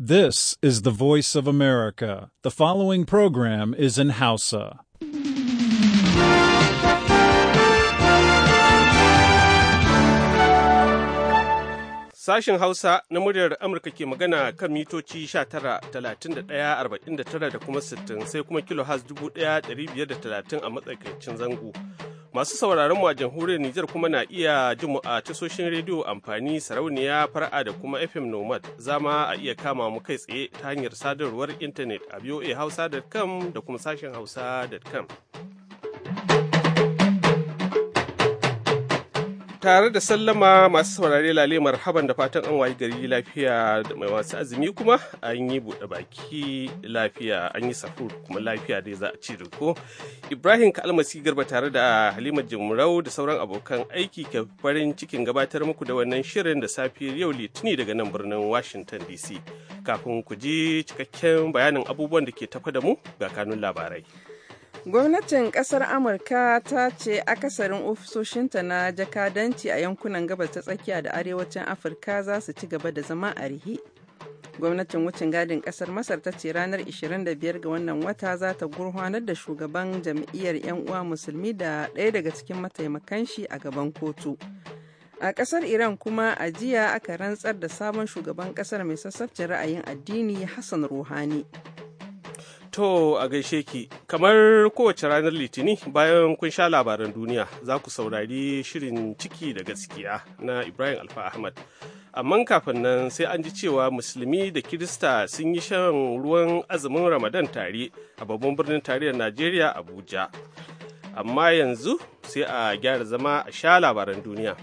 This is the voice of America. The following program is in Hausa. Sashen Hausa na muryar Amurka ke magana kan mitoci 49 da kuma 60 sai kuma kilo has 1,530 a matsakaicin zango. Masu sauraron mu a jamhuriyar Nijar kuma na iya jin mu a tasoshin rediyo amfani sarauniya fara'a da kuma FM Nomad zama a iya kama mu kai tsaye ta hanyar sadarwar intanet a voahausa.com da kuma sashen hausa.com. tare da sallama masu saurare lale marhaban da fatan an wayi gari lafiya da mai masu azumi kuma an yi buɗe baki lafiya an yi safur kuma lafiya dai za a ci ko ibrahim kalmasi garba tare da halima jimrau da sauran abokan aiki ke farin cikin gabatar muku da wannan shirin da safiyar yau litini daga nan birnin washington dc kafin ku je cikakken bayanin abubuwan da ke tafa da mu ga kanun labarai Gwamnatin ƙasar Amurka ta ce akasarin ofisoshinta na jakadanci a yankunan gabas ta tsakiya da arewacin Afirka za su ci gaba da zama a rihi. Gwamnatin wucin gadin ƙasar Masar ta ce ranar 25 ga wannan wata za ta gurfanar da shugaban jam'iyyar 'yan uwa musulmi da ɗaya daga cikin mataimakan shi a gaban kotu. A ƙasar Iran kuma a jiya aka rantsar da sabon shugaban ƙasar mai sassabcin ra'ayin addini Hassan Rouhani. To a gaishe ki, kamar kowace ranar Litini bayan kun sha labaran duniya za ku saurari shirin ciki da gaskiya na Ibrahim Alfa Ahmad. Amma kafin nan sai an ji cewa Musulmi da Kirista sun yi shan ruwan azumin Ramadan tare a babban birnin tarihin Najeriya Abuja. Amma yanzu sai a gyara zama a sha labaran duniya.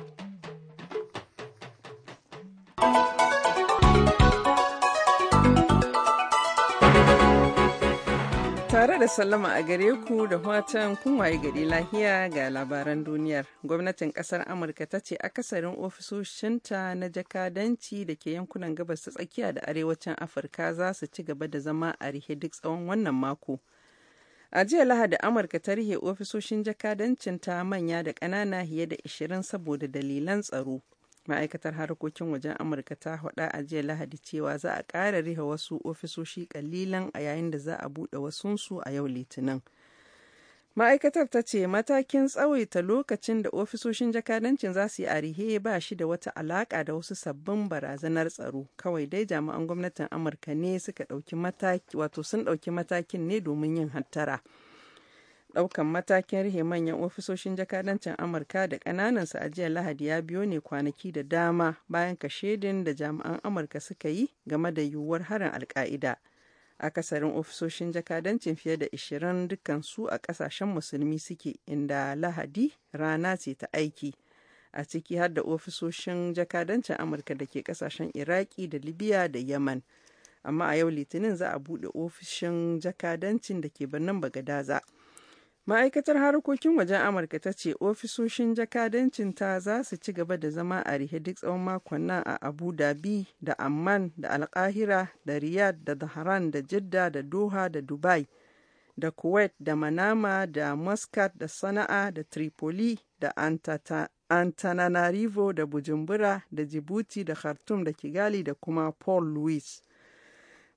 Tare da sallama a gare ku da watan kunwaye gari lahiya ga labaran duniyar. Gwamnatin kasar Amurka ta ce akasarin ofisoshinta na jakadanci da ke yankunan gabas ta tsakiya da arewacin Afirka za su ci gaba da zama a rihe duk tsawon wannan mako. A jiya Lahadi Amurka ta rihe ofisoshin jakadancinta manya da ƙanana fiye da 20 saboda dalilan tsaro. ma'aikatar harkokin wajen amurka ta hada a jiya lahadi cewa za a ƙara riha wasu ofisoshi kalilan a yayin da za a buɗe wasunsu a yau litinin ma'aikatar ta ce matakin tsawaita lokacin da ofisoshin jakadancin za su yi arihe ba shi da wata alaƙa da wasu sabbin barazanar tsaro kawai dai jami'an gwamnatin amurka ne suka ɗauki mataki wato sun ɗauki matakin ne domin yin hattara. daukan matakin rihe manyan ofisoshin jakadancin amurka da kananansu a jiya lahadi ya biyo ne kwanaki da dama bayan kashedin da jami'an amurka suka yi game da yiwuwar harin alka'ida akasarin ofisoshin jakadancin fiye da 20 dukansu a kasashen musulmi suke inda lahadi rana ce ta aiki a ciki har da ofisoshin jakadancin amurka da ke kasashen iraki da libya da yaman amma a yau litinin za a buɗe ofishin jakadancin da ke birnin bagadaza Ma'aikatar harkokin wajen Amurka ta ce ofisoshin jakadancinta za su ci gaba da zama a rihe duk tsawon makon nan a Abu Dhabi da Amman da Alkahira da Riyadh da dahran da Jidda da Doha da Dubai da Kuwait da Manama da Muscat da Sana'a da Tripoli da Antananarivo da Bujumbura da Djibouti da Khartoum da Kigali da kuma Paul Louis.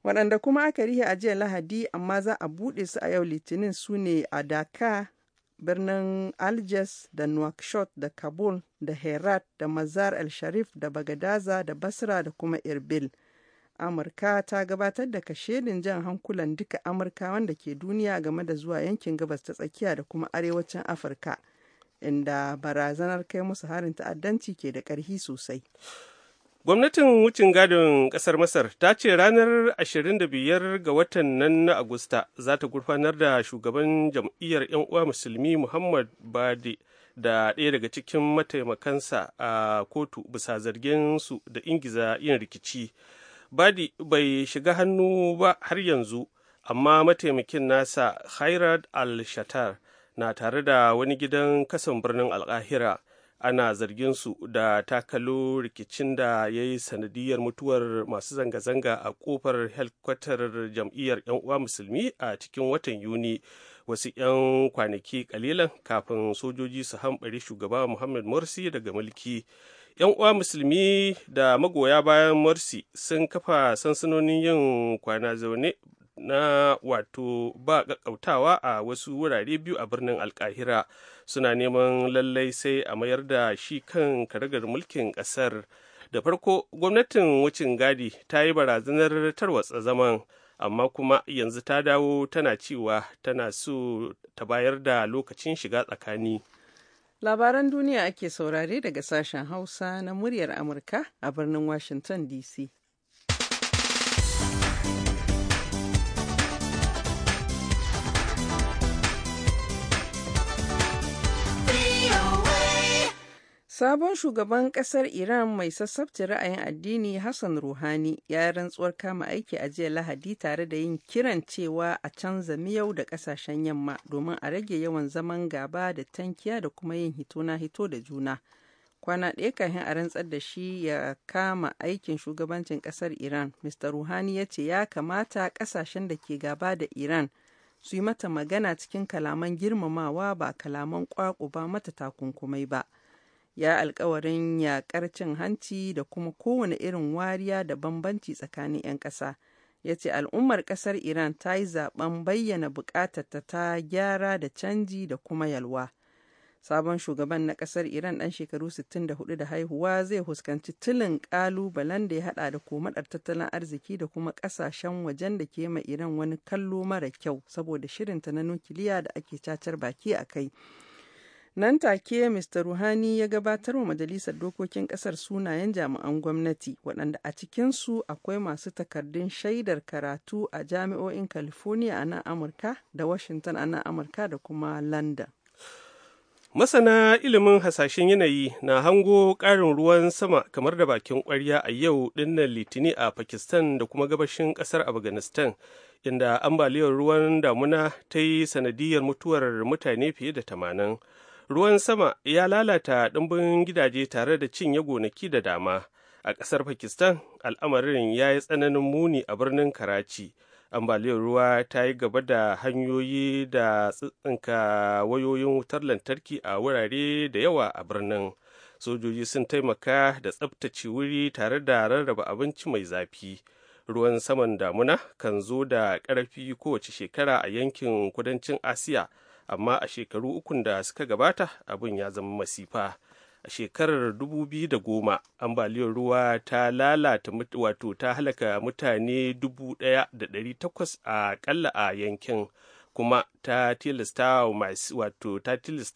waɗanda kuma aka rihe a jiya lahadi amma za a buɗe su a yau litinin su ne a daka birnin algiers da nouakchott da kabul da herat da mazar el sharif da bagadaza da basra da kuma irbil amurka ta gabatar da kashedin jan hankulan duka amurka wanda ke duniya game da zuwa yankin gabas ta tsakiya da kuma arewacin afirka inda barazanar kai musu harin ta'addanci ke da ƙarfi sosai Gwamnatin wucin gadon ƙasar Masar ta ce ranar 25 ga watan nan na Agusta za ta gurfanar da shugaban jam'iyyar 'yan uwa musulmi Muhammad Bade da ɗaya daga cikin mataimakansa a kotu bisa zargin su da ingiza yin rikici. Badi bai shiga hannu ba har yanzu, amma mataimakin nasa Khairat al-Shatar na tare da wani gidan kasan birnin Alƙahira. ana zargin su da takalo rikicin da ya yi sanadiyar mutuwar masu zanga-zanga a kofar helkwatar jam'iyyar 'yan uwa musulmi a cikin watan yuni wasu 'yan kwanaki kalilan kafin sojoji su hambari shugaba muhammad morsi daga mulki 'yan uwa musulmi da magoya bayan morsi sun kafa sansanonin yin kwana zaune na wato ba ƙaƙƙautawa a wasu wurare biyu a birnin alkahira suna neman lallai sai a mayar da shi kan karagar mulkin ƙasar da farko gwamnatin wucin gadi ta yi barazanar tarwatsa zaman amma kuma yanzu ta dawo tana cewa tana so ta bayar da lokacin shiga tsakani labaran duniya ake saurare daga sashen hausa na muryar amurka a birnin washington dc Sabon shugaban kasar Iran mai sassabci ra'ayin addini Hassan Rouhani ya rantsuwar kama aiki a jiya Lahadi tare da yin kiran cewa a canza miyau da kasashen yamma domin a rage yawan zaman gaba da tankiya da kuma yin hito na hito da juna. Kwana ɗaya kafin a rantsar da shi ya kama aikin shugabancin kasar Iran, Mr. Rouhani ya ce ya kamata kasashen da ke gaba da Iran su yi mata magana cikin kalaman girmamawa ba kalaman kwaku ba mata takunkumai ba. ya alkawarin yakar cin hanci da kuma kowane irin wariya da bambanci tsakanin 'yan ƙasa ya ce al'ummar ƙasar iran ta yi zaben bayyana buƙatarta ta gyara da canji da kuma yalwa sabon shugaban na ƙasar iran ɗan shekaru 64 da haihuwa zai huskanci tilin ƙalubalen da ya haɗa da komadar tattalin arziki da kuma ƙasashen wajen da ke ma iran wani kallo mara kyau saboda shirinta na nukiliya da ake cacar baki a kai Nan take Mr. Ruhani ya gabatar wa Majalisar Dokokin kasar sunayen jami'an gwamnati waɗanda a cikinsu akwai masu takardun shaidar karatu a jami'o'in California a nan Amurka da Washington a nan Amurka da kuma London. Masana ilimin hasashen yanayi na hango ƙarin ruwan sama kamar da bakin ƙwarya a yau dinnan litini a Pakistan da kuma gabashin ƙasar Afghanistan, inda ambaliyar ruwan damuna ta yi sanadiyar mutuwar mutane fiye da tamanin. ruwan sama ya lalata ɗumbin gidaje tare da cinye gonaki da dama a ƙasar pakistan al'amarin ya yi tsananin muni a birnin karachi ambaliyar ruwa ta yi gaba da hanyoyi da tsinka wayoyin wutar lantarki a wurare da yawa a birnin sojoji sun taimaka da tsabtace wuri tare da rarraba abinci mai zafi ruwan saman damuna kan zo da ƙarfi kowace shekara a yankin kudancin asiya amma a shekaru ukun da suka gabata abin ya zama masifa a shekarar 2010 ambaliyar ruwa ta lalata wato ta halaka mutane 1,800 a kalla a yankin kuma ta tilasta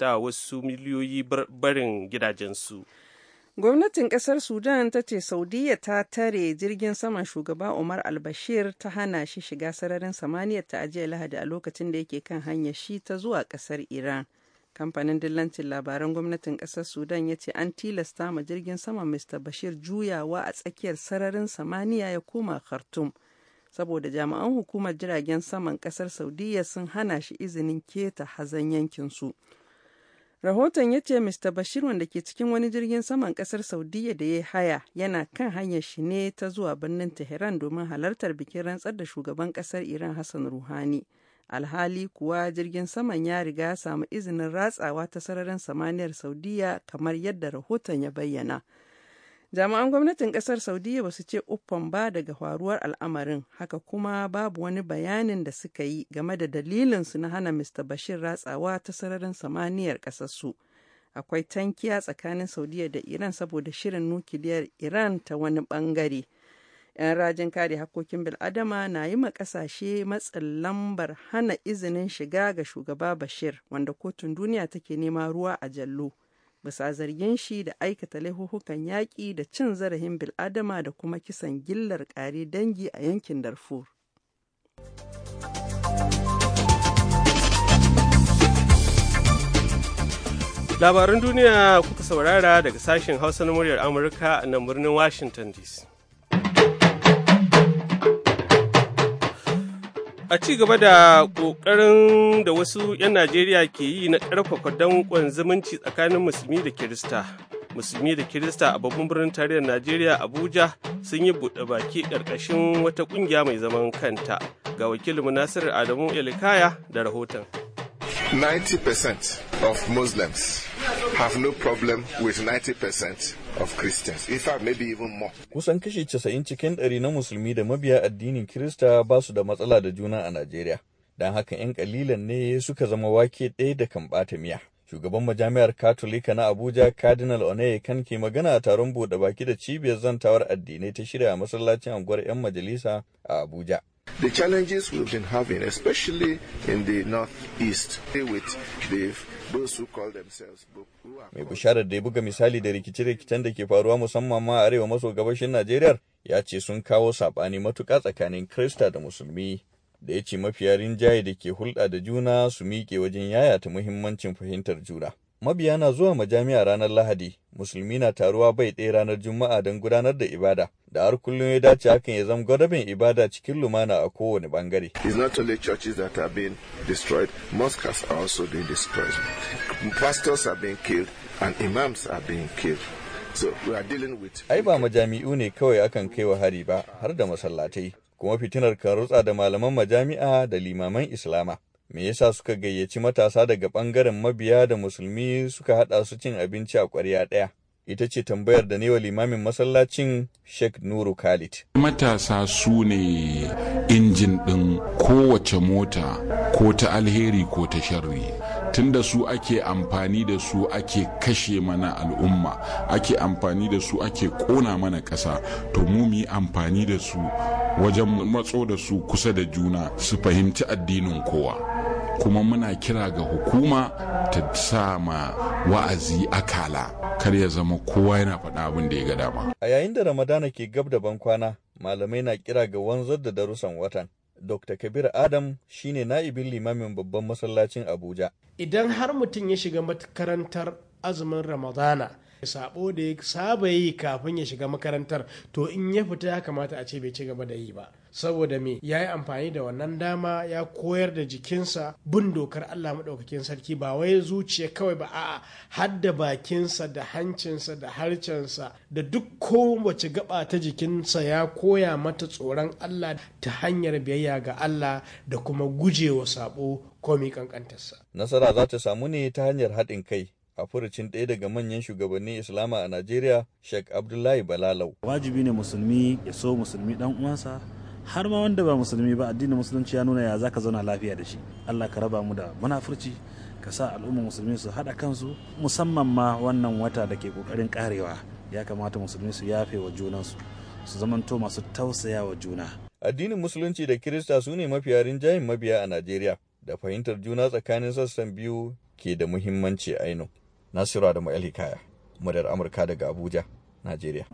wa wasu miliyoyi barin gidajensu Gwamnatin ƙasar Sudan ta ce Saudiya ta tare jirgin saman shugaba Umar al-Bashir ta hana shi shiga sararin samaniyar ta ajiye Lahadi a lokacin da yake kan hanyar shi ta zuwa ƙasar Iran. Kamfanin dillancin labaran gwamnatin ƙasar Sudan ya ce an tilasta ma jirgin saman Mr. Bashir juyawa a tsakiyar sararin samaniya ya koma Khartoum. Saboda jami'an hukumar jiragen saman ƙasar saudiyya sun hana shi izinin keta hazan yankinsu. Rahoton ya ce Mr. Bashir wanda ke cikin wani jirgin saman kasar Saudiya da ya haya yana kan hanyar shi ne ta zuwa birnin Tehran domin halartar bikin rantsar da shugaban kasar Iran Hassan Ruhani. Alhali kuwa jirgin saman ya riga ya samu izinin ratsawa ta sararin samaniyar Saudiya kamar yadda rahoton ya bayyana. jami'an gwamnatin kasar saudiya ba su ce uffan ba daga faruwar al'amarin haka kuma babu wani bayanin da suka yi game da dalilin su na hana mr bashir ratsawa ta sararin samaniyar kasarsu akwai tankiya tsakanin saudiya da iran saboda shirin nukiliyar iran ta wani bangare 'yan rajin kare hakokin bil'adama na yi ma kasashe matsin lambar hana izinin shiga ga shugaba bashir wanda kotun duniya take nema ruwa a jallo bisa zargin shi da aikata laifukan yaƙi da cin zarafin bil'adama da kuma kisan gillar ƙari dangi a yankin Darfur. Labarun duniya kuka saurara daga sashen Hausa na muryar Amurka a nan birnin Washington DC. A ci gaba da ƙoƙarin da wasu 'yan Najeriya ke yi na ƙarfafa danƙon zumunci tsakanin musulmi da Kirista. Musulmi da Kirista a babban birnin tarayyar Najeriya Abuja sun yi buɗe baki ƙarƙashin wata ƙungiya mai zaman kanta. Ga wakilin Nasiru Adamu Elikaya da rahoton. 90% of Muslims have no problem with 90% of Christians, in fact maybe even more. Kusan kashi 90 cikin ɗari na musulmi da mabiya addinin Kirista ba su da matsala da juna a Najeriya. Don haka 'yan kalilan ne suka zama wake ɗaya da kan ɓata miya. Shugaban majami'ar Katolika na Abuja, Cardinal Oneye kan ke magana a taron buɗe baki da cibiyar zantawar addinai ta shirya masallacin unguwar 'yan majalisa a Abuja. the challenges we've been having, especially in the northeast, with the Mai bisharar da ya buga misali da rikice-rikicen da ke faruwa musamman ma arewa maso gabashin Najeriya ya ce sun kawo saɓani matuƙa tsakanin Krista da Musulmi da ya ce mafiya rinjaye da ke hulɗa da juna su miƙe wajen yayata muhimmancin fahimtar juna. Mabiya na zuwa majami'a ranar Lahadi, musulmi na taruwa bai ɗaya ranar Juma'a don gudanar da ibada, da har kullum ya dace hakan ya zama gwadabin ibada cikin lumana a kowane bangare. It's not only churches that destroyed, mosques are also and imams are being killed. So with... Ai ba majami'u ne kawai akan kai wa hari ba, har da masallatai, kuma fitinar kan rutsa da malaman majami'a da limaman Islama. me yasa suka gayyaci matasa daga bangaren mabiya da musulmi suka haɗa su cin abinci a kwarya ɗaya ita ce tambayar da ne wa limamin masallacin sheikh nuru khalid matasa su ne injin ɗin kowace mota ko ta alheri ko ta sharri tunda su ake amfani da su ake kashe mana al'umma ake amfani da su ake ƙona mana ƙasa to mu yi amfani da su wajen matso da su kusa da juna su fahimci addinin kowa kuma muna kira ga hukuma ta sa ma wa'azi akala kar ya zama kowa yana faɗa abin da ya ga dama a yayin da ramadana ke gab da bankwana malamai na kira ga wanzar da darussan watan Dr. Kabir Adam shine na'ibin limamin babban masallacin Abuja. Idan har mutum ya shiga makarantar azumin Ramadana, sabo da ya saba yi kafin ya shiga makarantar, to in ya fita ya kamata a ce bai ci gaba da yi ba. saboda me ya yi amfani da wannan dama ya koyar da jikinsa bin dokar Allah maɗaukakin sarki ba wai zuciya kawai ba a hadda bakinsa da hancinsa da harcensa da duk kowace gaba ta jikinsa ya koya mata tsoron Allah ta hanyar biyayya ga Allah da kuma gujewa sabo komi kankantarsa. Nasara za ta samu ne ta hanyar haɗin kai a furucin ɗaya daga manyan shugabannin Islama a Najeriya, Sheikh Abdullahi Balalau. Wajibi ne musulmi ya so musulmi ɗan uwansa har ma wanda ba musulmi ba addinin musulunci ya nuna ya zaka zauna lafiya da shi Allah ka raba mu da munafurci ka sa al'umma musulmi su haɗa kansu musamman ma wannan wata da ke ƙoƙarin ƙarewa ya kamata musulmi su yafe wa junansu su zamanto masu tausaya wa juna addinin musulunci da kirista su ne mafiya rinjayen mabiya a najeriya da fahimtar juna tsakanin sassan biyu ke da muhimmanci aino nasiru da alhikaya madar amurka daga abuja Najeriya.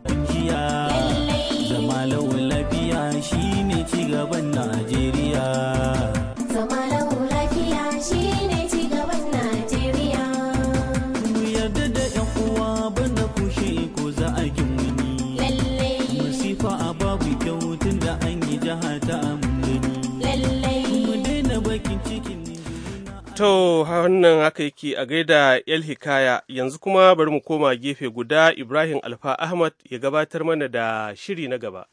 Zama lafiya shine ci gaban Najeriya. To, wannan haka yake a gaida El Hikaya, yanzu kuma bari mu koma gefe guda Ibrahim Alfa Ahmad ya gabatar mana da shiri na gaba.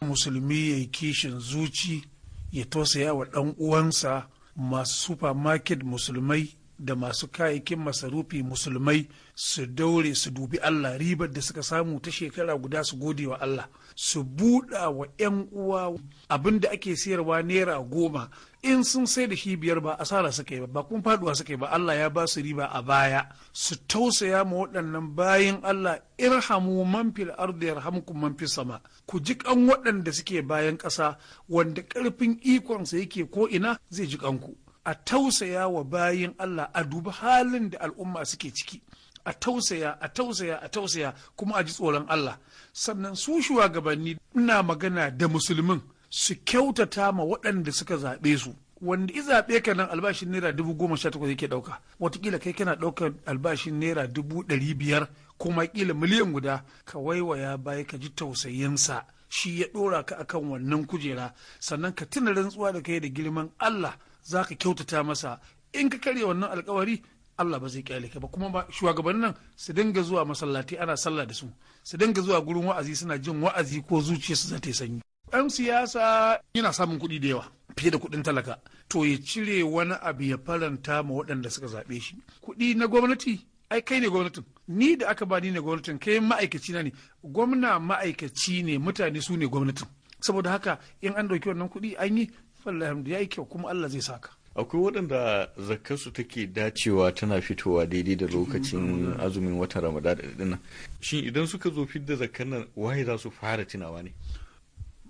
Musulmi ya yi kishin zuci ya tausaya wa ɗan uwansa masu supermarket musulmai da masu kayayyakin masarufi musulmai su daure su dubi Allah ribar da suka samu ta shekara guda su gode wa Allah su buɗa wa 'yan uwa abin da ake sayarwa naira goma in sun sai da shi biyar ba asara suka yi ba kuma faduwa suka yi ba Allah ya ba su riba a baya su tausaya ma waɗannan bayan Allah irhamu man fil ardi yarhamkum man fis sama ku ji kan waɗanda suke bayan ƙasa wanda ƙarfin ikonsa yake ko ina zai ji kanku a tausaya wa bayin Allah a dubi halin da al'umma suke ciki a tausaya a tausaya a tausaya kuma a ji tsoron Allah sannan su shugabanni ina magana da musulmin su kyautata ma waɗanda suka zaɓe su wanda i zaɓe ka nan albashin naira dubu goma sha takwas yake ɗauka watakila kai kana ɗaukar albashin naira dubu ɗari biyar kuma kila miliyan guda ka waiwaya baya ka ji tausayinsa shi ya ɗora ka akan wannan kujera sannan ka tuna rantsuwa da kai da girman Allah za ka kyautata masa in ka karya wannan alkawari Allah ba zai kyale ka ba kuma ba shugabannin su dinga zuwa masallatai ana sallah da su su dinga zuwa gurin wa'azi suna jin wa'azi ko zuciya su zata sanyi ɗan siyasa yana samun kuɗi da yawa fiye da kuɗin talaka to ya cire wani abu ya faranta ma waɗanda suka zaɓe shi kuɗi na gwamnati ai kai ne gwamnatin ni da aka ba ni ne gwamnatin kai ma'aikaci na ne gwamna ma'aikaci ne mutane su ne gwamnatin saboda haka in an ɗauki wannan kuɗi an yi wallahi ya yi kyau kuma Allah zai saka akwai waɗanda zakkarsu take dacewa tana fitowa daidai da lokacin azumin watan ramadan da nan shin idan suka zo fidda zakkar nan waye za su fara tunawa ne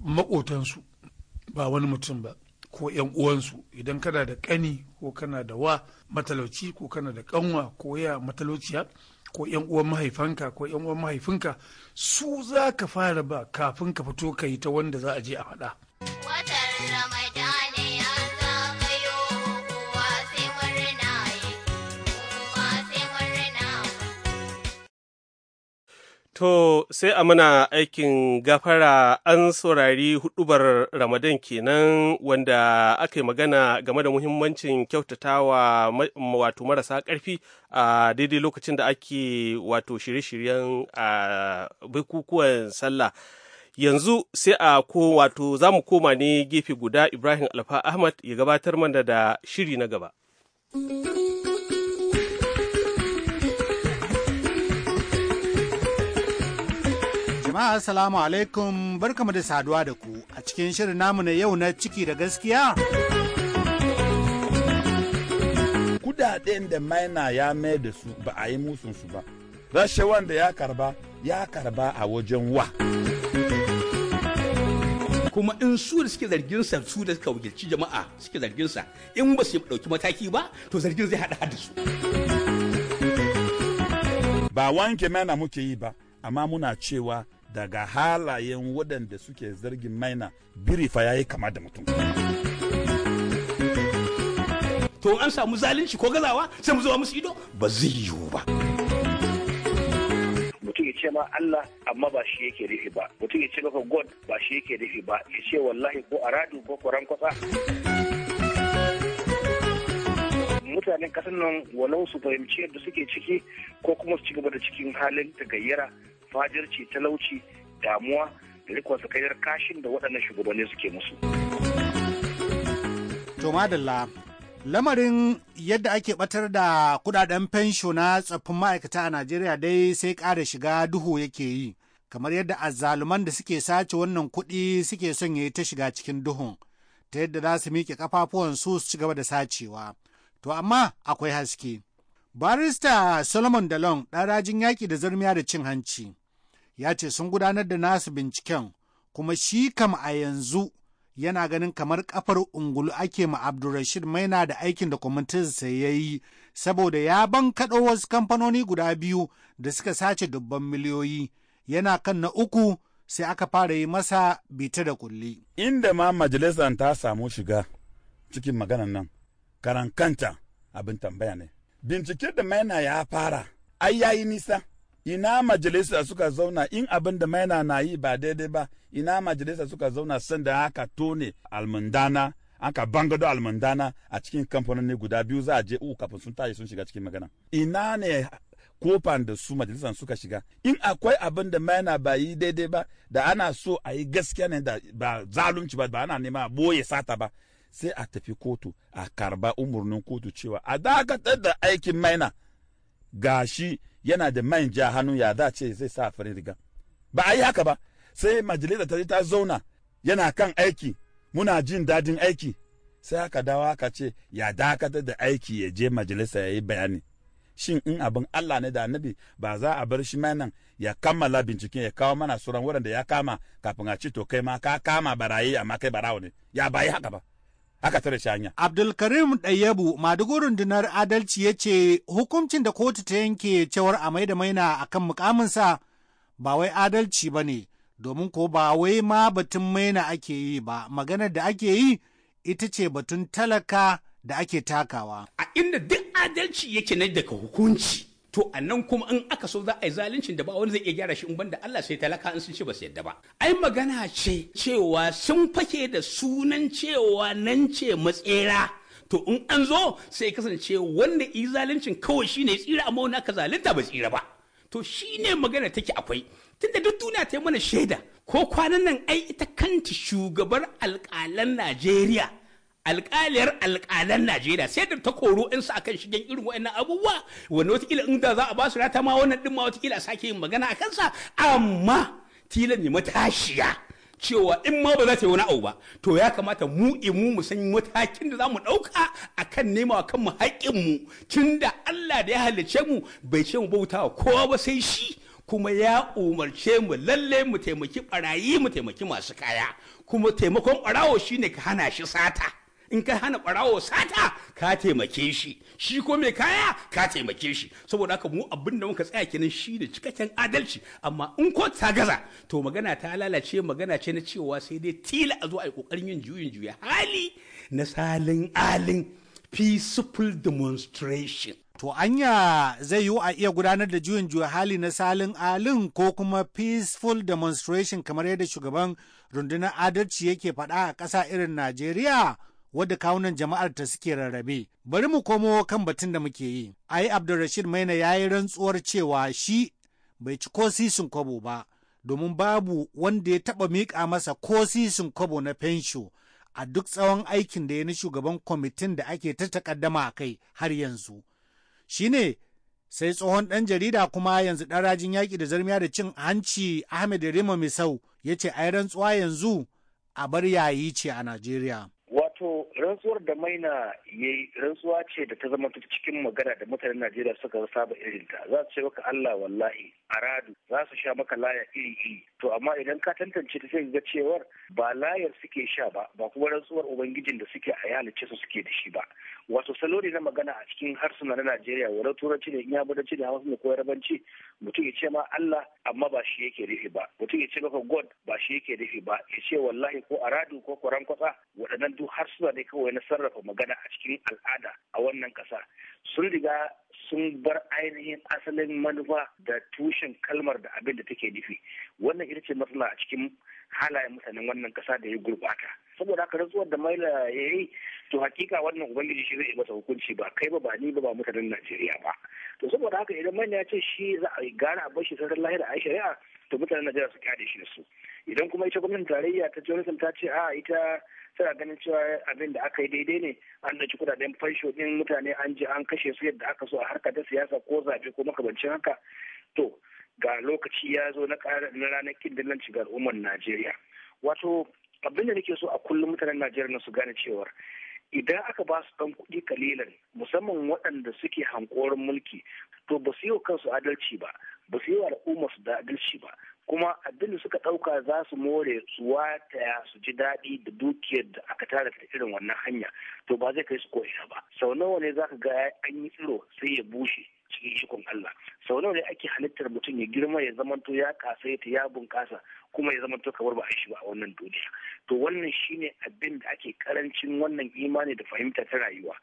maƙotansu ba wani mutum ba ko yan uwansu idan kana da ƙani ko kana da wa matalauci ko kana da ƙanwa ko ya matalauciya ko yan uwan mahaifanka ko yan uwan mahaifinka su za ka fara ba kafin ka fito ka yi ta wanda za a je a faɗa To, sai a mana aikin gafara an saurari hudubar Ramadan kenan wanda aka yi magana game da muhimmancin kyautatawa wato marasa ƙarfi a daidai lokacin da ake wato shirye-shiryen a bukukuwan sallah. yanzu sai a ko wato za mu koma ne gefe guda ibrahim alfa ahmad ya gabatar mana da shiri na gaba jama'a salamu alaikum barkamu da saduwa da ku a cikin shirin namu na yau na ciki da gaskiya kudaden da maina ya mai da su ba a yi musunsu ba rashawan wanda ya karba ya karba a wajen wa. kuma in su da suke zargin sa su da suka wakilci jama'a suke zargin sa in ba su dauki mataki ba to zargin zai hada da su ba wanke mana muke yi ba amma muna cewa daga halayen waɗanda suke zargin maina birifa ya yi kama da mutum to an samu zalunci ko gazawa sai mu zuwa musu ido ba zai yiwu ba ma Allah amma ba shi yake rufe ba mutum ya ce maka God ba shi yake rufe ba ya ce wallahi ko aradu ko kuran kwatsa mutanen kasar nan walau su fahimci yadda suke ciki ko kuma su ci gaba da cikin halin tagayyara fajirci talauci damuwa da rikon sakayar kashin da waɗannan shugabanni suke musu. To madalla Lamarin yadda ake batar da kudaden fensho na tsaffin ma'aikata a Najeriya dai sai ƙara shiga duhu yake yi, kamar yadda azzaluman da suke sace wannan kuɗi suke son ya yi ta shiga cikin duhun, ta yadda za su miƙe ƙafafuwansu su ci gaba da sacewa. To amma akwai haske. Barista Solomon Dalon ɗan rajin yaƙi da zarmiya da cin hanci, ya ce sun gudanar da nasu binciken kuma shi kam a yanzu yana ganin kamar kafar ungulu ake ma Abdulrashid maina da aikin da kwamitinsa ya yi saboda ya ban kaɗo wasu kamfanoni guda biyu da suka sace dubban miliyoyi yana kan na uku sai aka fara yi masa bita da kulli. Inda ma majalisar ta samu shiga cikin maganan nan karan abin tambaya ne. Bincike da maina ya fara ai yayi nisa ina majalisa suka zauna in abin da maina na yi ba daidai ba ina majalisa suka zauna sanda aka tone almundana aka bangado almundana a cikin kamfanoni guda biyu za a je uku kafin sun tashi sun shiga cikin magana ina ne kofan da su majalisar suka shiga in akwai abin da maina ba yi daidai ba da ana so a yi gaskiya ne da ba zalunci ba ana nema boye sata ba sai a tafi kotu a karba umurnin kotu cewa a dakatar da aikin maina gashi yana da man ja hannu ya da ce zai sa farin riga ba a yi haka ba sai majalisa ta ta zauna yana kan aiki muna jin dadin aiki sai aka dawo aka ce ya dakatar da aiki ya je majalisa ya yi bayani shin in abin Allah ne da annabi ba za a bar shi nan ya kammala binciken ya kawo mana suran wurin da ya kama kafin a ce to kai ma ka kama barayi amma kai barawo ne ya bayi haka ba haka tare shi hanya. Abdulkarim Ɗayyabu madugu rundunar adalci ya ce hukuncin da kotu ta yanke cewar a maida maina a kan mukaminsa ba wai adalci ba ne, domin ko ba wai ma batun maina ake yi ba, maganar da ake yi ita ce batun talaka da ake takawa. A inda duk adalci yake na daga hukunci, to a nan kuma in aka so za a yi zaluncin da ba wani zai iya gyara shi in banda Allah sai talaka in sun ce ba su yadda ba ai magana ce cewa sun fake da sunan cewa nan ce matsera to in an zo sai kasance wanda yi zaluncin kawai shine tsira amma wani aka zalunta ba tsira ba to shi ne magana take akwai tunda duk duniya ta yi mana shaida ko kwanan nan ai ita kanta shugabar alƙalan Najeriya alƙaliyar alƙalan Najeriya sai da ta koro in akan shigen irin wa'annan abubuwa wani wataƙila in da za a ba su rata ma wannan ɗin ma wataƙila a sake yin magana a kansa amma tilan ne matashiya cewa in ma ba za ta yi wani abu ba to ya kamata mu imu mu san matakin da za mu ɗauka a kan nema wa kanmu haƙƙinmu tun da Allah da ya halicce mu bai ce mu bauta wa kowa ba sai shi kuma ya umarce mu lalle mu taimaki barayi mu taimaki masu kaya kuma taimakon ɓarawo shine ka hana shi sata in ka hana barawo sata ka taimake shi shi ko mai kaya ka taimake shi saboda haka mu abin da muka tsaya kenan shi da cikakken adalci amma in ko ta gaza to magana ta lalace magana ce na cewa sai dai tila a zo a yi kokarin yin juyin juya hali na salin alin peaceful demonstration To anya zai yiwu a iya gudanar da juyin juya hali na salin alin ko kuma peaceful demonstration kamar yadda shugaban rundunar adalci yake faɗa a ƙasa irin Najeriya wadda kawunan jama'ar ta suke rarrabe. Bari mu komo kan batun da muke yi. Ai Abdulrashid Maina ya yi rantsuwar cewa shi bai ci ko sisin kwabo ba, domin babu wanda ya taɓa miƙa masa ko sisin kwabo na fensho a duk tsawon aikin da ya na shugaban kwamitin da ake ta takaddama a kai har yanzu. Shi ne sai tsohon ɗan jarida kuma yanzu ɗan rajin yaƙi da zarmiya da cin hanci Ahmed Rima Misau ya ce ai rantsuwa yanzu a bar yayi ce a Najeriya. rantsuwar da maina ya yi rantsuwa ce da ta zama ta cikin magana da mutanen najeriya suka saba irinta za su ce maka allah wallahi aradu za su sha maka laya iri iri to amma idan ka tantance ta sai ga cewar ba layar suke sha ba ba kuma rantsuwar ubangijin da suke a yalice su suke da shi ba wato salori na magana a cikin harsuna na najeriya wadda turanci ne in ya budanci da hausa ne ko yarabanci mutum ya ce ma allah amma ba shi yake rufe ba mutum ya ce maka god ba shi yake rufe ba ya ce wallahi ko aradu ko kuran kwatsa waɗannan duk harsuna ne kawai na sarrafa magana a cikin al'ada a wannan ƙasa sun riga sun bar ainihin asalin manufa da tushen kalmar da abin da take nufi wannan ita ce matsala a cikin halayen mutanen wannan kasa da ya gurbata saboda haka rantsuwar da maila ya yi to hakika wannan ubangiji shi zai masa hukunci ba kai ba ba ni ba ba mutanen najeriya ba to saboda haka idan manya ya ce shi za a gane a shi sassan lahira a shari'a to mutanen najeriya su kyale shi da su idan kuma ita gwamnatin tarayya ta jonathan ta ce a ita tana ganin cewa abin da aka yi daidai ne an ɗauki kudaden fansho ɗin mutane an je an kashe su yadda aka so a harka ta siyasa ko zaɓe ko makamancin haka to ga lokaci ya zo na ranar kindillanci ga al'ummar najeriya wato abin da nake so a kullum mutanen najeriya su gane cewar idan aka ba su ɗan kuɗi kalilan musamman waɗanda suke hankorin mulki to ba su yi wa kansu adalci ba ba su yi wa al'umma su da adalci ba kuma abin da suka ɗauka za su more su wataya su ji daɗi da dukiyar da aka tara ta irin wannan hanya to ba zai kai su ko'ina ba sau nawa ne za ka ga an yi tsiro sai ya bushe cikin Allah sau nawa ne ake halittar mutum ya girma ya zamanto ya kasaita ya bunƙasa kuma ya zamanto kamar ba a shi ba a wannan duniya to wannan shine abin da ake karancin wannan imani da fahimta ta rayuwa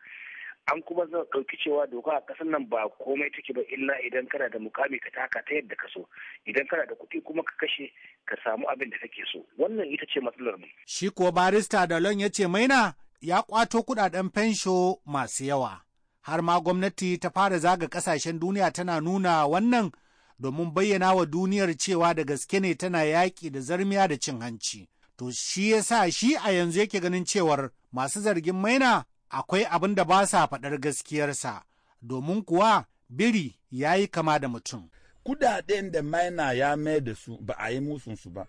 an kuma zan ɗauki cewa doka a ƙasar nan ba komai take ba illa idan kana da mukami ka taka ta yadda ka so idan kana da kuɗi kuma ka kashe ka samu abin da kake so wannan ita ce matsalar mu shi ko barista da lon ya ce maina ya kwato kuɗaɗen fensho masu yawa har ma gwamnati ta fara zaga ƙasashen duniya tana nuna wannan domin bayyana wa duniyar cewa da gaske ne tana yaƙi da zarmiya da cin hanci. To shi ya sa shi a yanzu yake ganin cewar masu zargin maina akwai abin da ba sa faɗar gaskiyarsa, domin kuwa biri ya yi kama da mutum. Kudaden da maina ya mai da su ba a yi musunsu ba,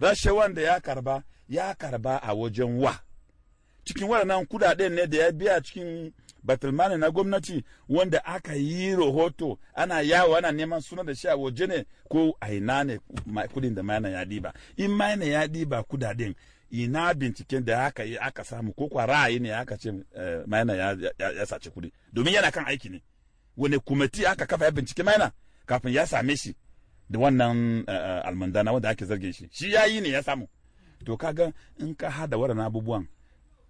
rashawan da ya karba ya karba a wajen wa. Cikin waɗannan kudaden ne da ya biya cikin batulmani na gwamnati wanda aka yi rahoto ana yawo ana neman suna da shi a waje ne ko a ina ne kudin da mana ya diba in mana ya diba kudaden ina binciken da aka yi aka samu ko kwa ra'ayi ne aka ce eh, mana ya sace kudi domin yana kan aiki ne wani kumati aka kafa ya bincike mana kafin ya same shi da wannan eh, almandana wanda ake zargin shi shi ya yi ne ya samu to kaga in ka hada waɗannan abubuwan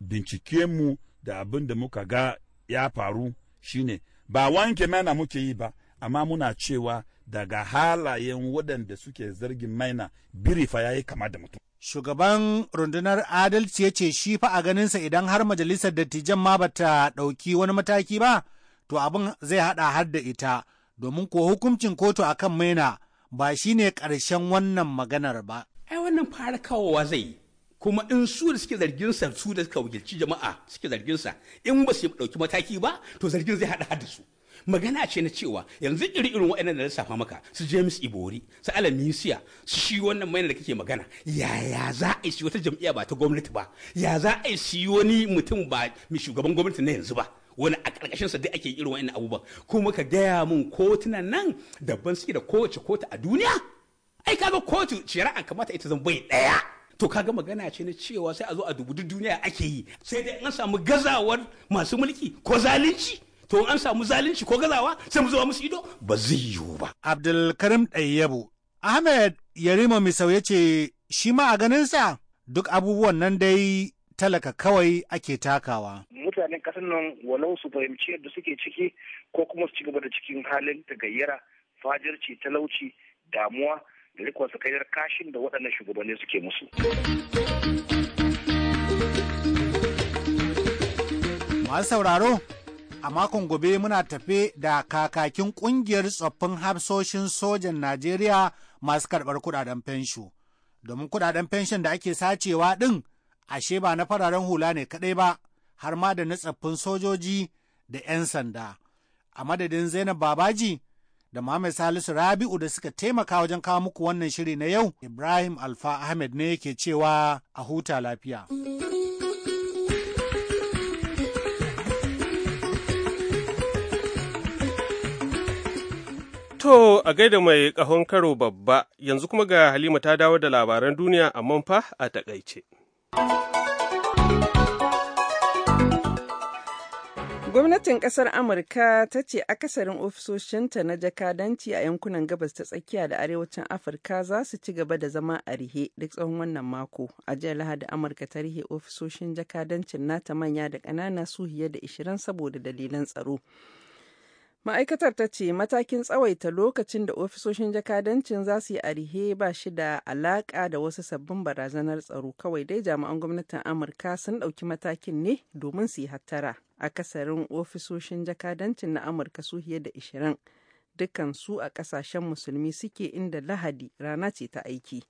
bincike mu da abin da muka ga ya faru shine ba wanke maina muke yi ba amma muna cewa daga halayen waɗanda suke zargin maina birifa ya yi kama da mutum. Shugaban rundunar adalci ya ce shi fa a ganinsa idan har majalisar dattijan ma bata ɗauki wani mataki ba, to abin zai haɗa har da ita, domin ko hukuncin kotu akan maina ba shi ne ƙarshen wannan maganar ba. Ai wannan fara kawowa zai kuma in su da suke zarginsa su da suka wakilci jama'a suke zargin sa, in ba su ɗauki mataki ba to zargin zai hada da su magana ce na cewa yanzu iri irin waɗannan da lissafa maka su James Ibori su Alamisiya su shi wannan mai da kake magana yaya za a yi wata jam'iyya ba ta gwamnati ba ya za a yi wani mutum ba mai shugaban gwamnati na yanzu ba wani a ƙarƙashin sa dai ake irin waɗannan abubuwa? kuma ka gaya mun kotuna nan daban suke da kowace kotu a duniya ai kaga kotu shari'a kamata ita zan bai ɗaya to kaga magana ce na cewa sai a zo a dubu duniya ake yi sai dai an samu gazawar masu mulki ko zalunci to an samu zalunci ko gazawa sai mu zo musu ido ba zai yiwu ba abdulkarim ɗayyabu ahmed yarima misau ya ce shi ma a sa duk abubuwan nan dai talaka kawai ake takawa mutanen ƙasar nan walau su fahimci yadda suke ciki ko kuma su ci gaba da cikin halin gayyara fajirci talauci damuwa da rikon kayar kashin da waɗannan shugabanni suke musu. Masu sauraro, a makon gobe muna tafe da kakakin ƙungiyar tsoffin hafsoshin sojan Najeriya masu karɓar kuɗaɗen fensho. Domin kuɗaɗen fenshon da ake sacewa ɗin, ashe ba na fararen hula ne kaɗai ba, har ma da na tsaffin sojoji da 'yan sanda. A madadin Zainab Babaji, da Muhammad Salisu Rabi'u da suka taimaka wajen kawo muku wannan shiri na yau, Ibrahim Alfa Ahmed ne yake cewa a huta lafiya. To a gaida mai ƙahon karo babba yanzu kuma ga Halima ta dawo da labaran duniya a fa a takaice. Gwamnatin ƙasar Amurka ta ce akasarin ofisoshinta na jakadanci a yankunan gabas ta tsakiya da arewacin Afirka za su ci gaba da zama a rihe duk tsawon wannan mako. A jiya Lahadi Amurka ta rihe ofisoshin jakadancin nata manya da ƙanana su fiye da 20 saboda dalilan tsaro. Ma'aikatar ta ce matakin tsawaita lokacin da ofisoshin jakadancin za su yi arihe ba shi da alaƙa da wasu sabbin barazanar tsaro kawai dai jami'an gwamnatin Amurka sun ɗauki matakin ne domin su yi hattara. Akasarin ofisoshin jakadancin na Amurka su fiye da ishirin dukkan su a ƙasashen musulmi suke inda lahadi rana ce ta aiki.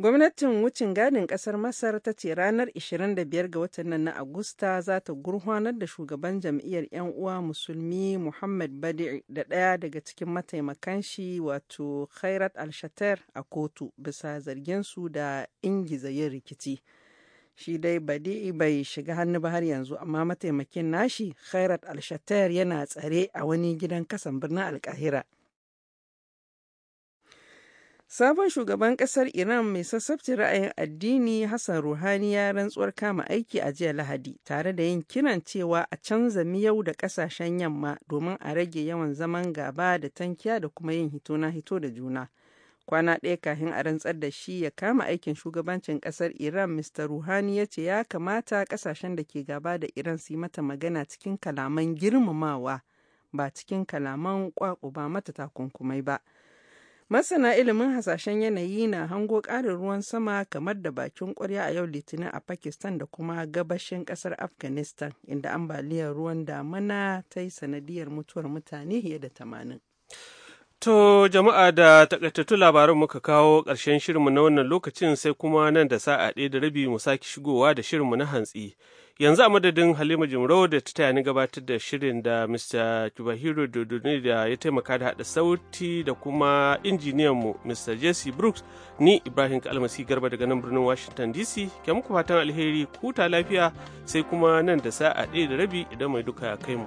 Gwamnatin wucin gadin ƙasar Masar ta ce ranar 25 ga watan nan na Agusta za ta gurhwanar da shugaban jam'iyyar 'yan uwa musulmi Muhammad Badi da ɗaya daga cikin mataimakan shi wato Khairat al-Shatar a kotu bisa zarginsu da ingiza yin rikici. Shi dai Badi bai shiga hannu ba har yanzu amma mataimakin nashi Khairat al-Shatar yana tsare a wani gidan kasan birnin Alkahira. Sabon shugaban kasar Iran mai sassabci ra'ayin addini Hassan Rouhani ya rantsuwar kama aiki a jiya Lahadi tare da yin kiran cewa a canza miyau da kasashen yamma domin a rage yawan zaman gaba da tankiya da kuma yin hito na hito da juna. Kwana ɗaya kafin a rantsar da shi ya kama aikin shugabancin kasar Iran Mr. Rouhani ya ce ya kamata kasashen da ke gaba da Iran su yi mata magana cikin kalaman girmamawa ba cikin kalaman ba mata takunkumai ba. Masana ilimin hasashen yanayi na hango ƙarin ruwan sama kamar da bakin ƙwarya a yau Litinin a Pakistan da kuma gabashin ƙasar Afghanistan, inda ambaliyar ruwan damana ta yi sanadiyar mutuwar mutane fiye da tamanin. To jama'a da takaitattu labarin muka kawo ƙarshen shirinmu na wannan lokacin sai kuma nan da sa'a ɗaya da rabi mu sake shigowa da shirinmu na hantsi. yanzu a madadin halima jimro da ta taya ni gabatar da shirin da mr kibahiro dodoni da ya taimaka da haɗa sauti da kuma injiniyanmu mr jesse brooks ni ibrahim kalmasi garba daga nan birnin washington dc ke muku fatan alheri kuta lafiya sai kuma nan da sa'a ɗaya da rabi idan mai duka kai mu.